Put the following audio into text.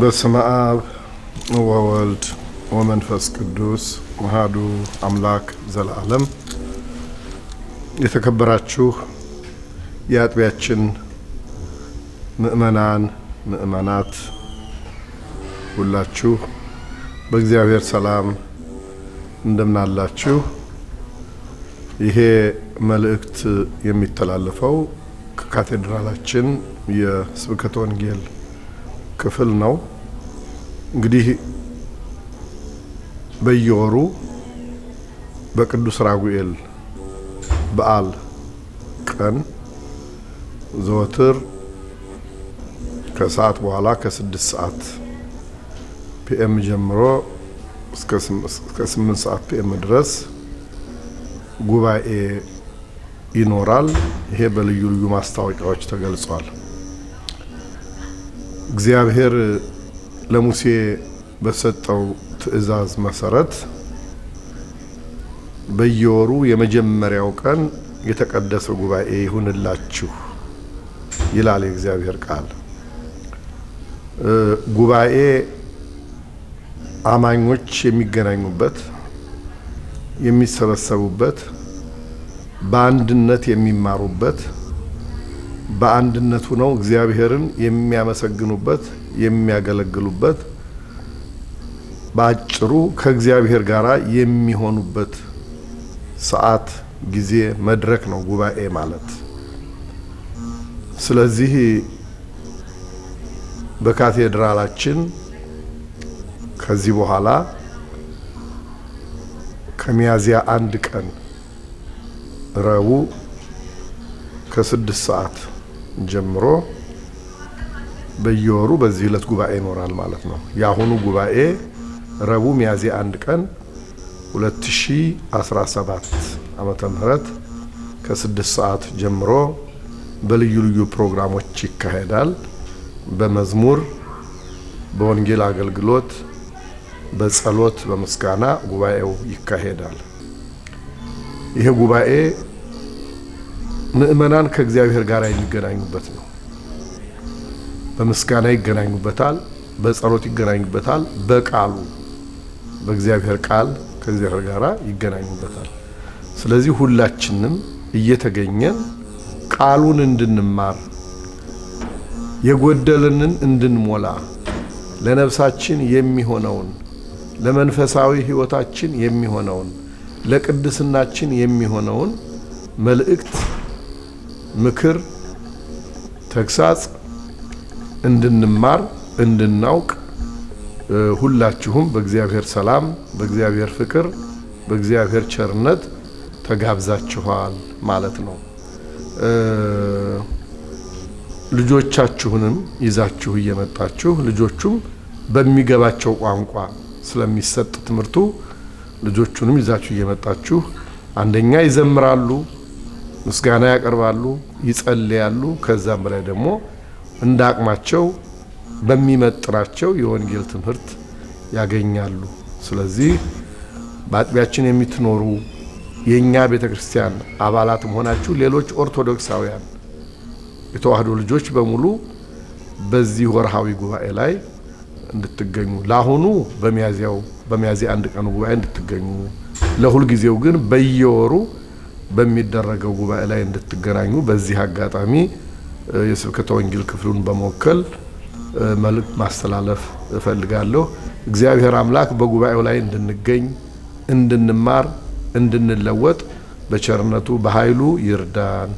በስመ አብ ወወልድ ወመንፈስ ቅዱስ አሐዱ አምላክ ዘላለም። የተከበራችሁ የአጥቢያችን ምእመናን ምእመናት ሁላችሁ በእግዚአብሔር ሰላም እንደምናላችሁ። ይሄ መልእክት የሚተላለፈው ከካቴድራላችን የስብከተ ወንጌል ክፍል ነው። እንግዲህ በየወሩ በቅዱስ ራጉኤል በዓል ቀን ዘወትር ከሰዓት በኋላ ከስድስት ሰዓት ፒኤም ጀምሮ እስከ ስምንት ሰዓት ፒኤም ድረስ ጉባኤ ይኖራል። ይሄ በልዩ ልዩ ማስታወቂያዎች ተገልጿል። እግዚአብሔር ለሙሴ በሰጠው ትዕዛዝ መሰረት በየወሩ የመጀመሪያው ቀን የተቀደሰ ጉባኤ ይሁንላችሁ ይላል የእግዚአብሔር ቃል። ጉባኤ አማኞች የሚገናኙበት፣ የሚሰበሰቡበት፣ በአንድነት የሚማሩበት በአንድነቱ ነው እግዚአብሔርን የሚያመሰግኑበት የሚያገለግሉበት በአጭሩ ከእግዚአብሔር ጋር የሚሆኑበት ሰዓት፣ ጊዜ፣ መድረክ ነው ጉባኤ ማለት። ስለዚህ በካቴድራላችን ከዚህ በኋላ ከሚያዝያ አንድ ቀን ረቡዕ ከስድስት ሰዓት ጀምሮ በየወሩ በዚህ ዕለት ጉባኤ ይኖራል ማለት ነው። የአሁኑ ጉባኤ ረቡዕ ሚያዝያ አንድ ቀን 2017 ዓመተ ምህረት ከስድስት ሰዓት ጀምሮ በልዩ ልዩ ፕሮግራሞች ይካሄዳል። በመዝሙር፣ በወንጌል አገልግሎት፣ በጸሎት፣ በምስጋና ጉባኤው ይካሄዳል። ይሄ ጉባኤ ምእመናን ከእግዚአብሔር ጋር የሚገናኙበት ነው። በምስጋና ይገናኙበታል፣ በጸሎት ይገናኙበታል፣ በቃሉ በእግዚአብሔር ቃል ከእግዚአብሔር ጋር ይገናኙበታል። ስለዚህ ሁላችንም እየተገኘን ቃሉን እንድንማር የጎደልንን እንድንሞላ ለነፍሳችን የሚሆነውን ለመንፈሳዊ ሕይወታችን የሚሆነውን ለቅድስናችን የሚሆነውን መልእክት ምክር፣ ተግሳጽ እንድንማር እንድናውቅ ሁላችሁም በእግዚአብሔር ሰላም፣ በእግዚአብሔር ፍቅር፣ በእግዚአብሔር ቸርነት ተጋብዛችኋል ማለት ነው። ልጆቻችሁንም ይዛችሁ እየመጣችሁ ልጆቹም በሚገባቸው ቋንቋ ስለሚሰጥ ትምህርቱ ልጆቹንም ይዛችሁ እየመጣችሁ አንደኛ ይዘምራሉ ምስጋና ያቀርባሉ፣ ይጸልያሉ። ከዛም በላይ ደግሞ እንደ አቅማቸው በሚመጥናቸው የወንጌል ትምህርት ያገኛሉ። ስለዚህ በአጥቢያችን የምትኖሩ የእኛ ቤተ ክርስቲያን አባላት መሆናችሁ ሌሎች ኦርቶዶክሳውያን የተዋህዶ ልጆች በሙሉ በዚህ ወርሃዊ ጉባኤ ላይ እንድትገኙ ለአሁኑ በሚያዚያው በሚያዚያ አንድ ቀኑ ጉባኤ እንድትገኙ ለሁልጊዜው ግን በየወሩ በሚደረገው ጉባኤ ላይ እንድትገናኙ በዚህ አጋጣሚ የስብከተ ወንጌል ክፍሉን በመወከል መልእክት ማስተላለፍ እፈልጋለሁ። እግዚአብሔር አምላክ በጉባኤው ላይ እንድንገኝ፣ እንድንማር፣ እንድንለወጥ በቸርነቱ በኃይሉ ይርዳን።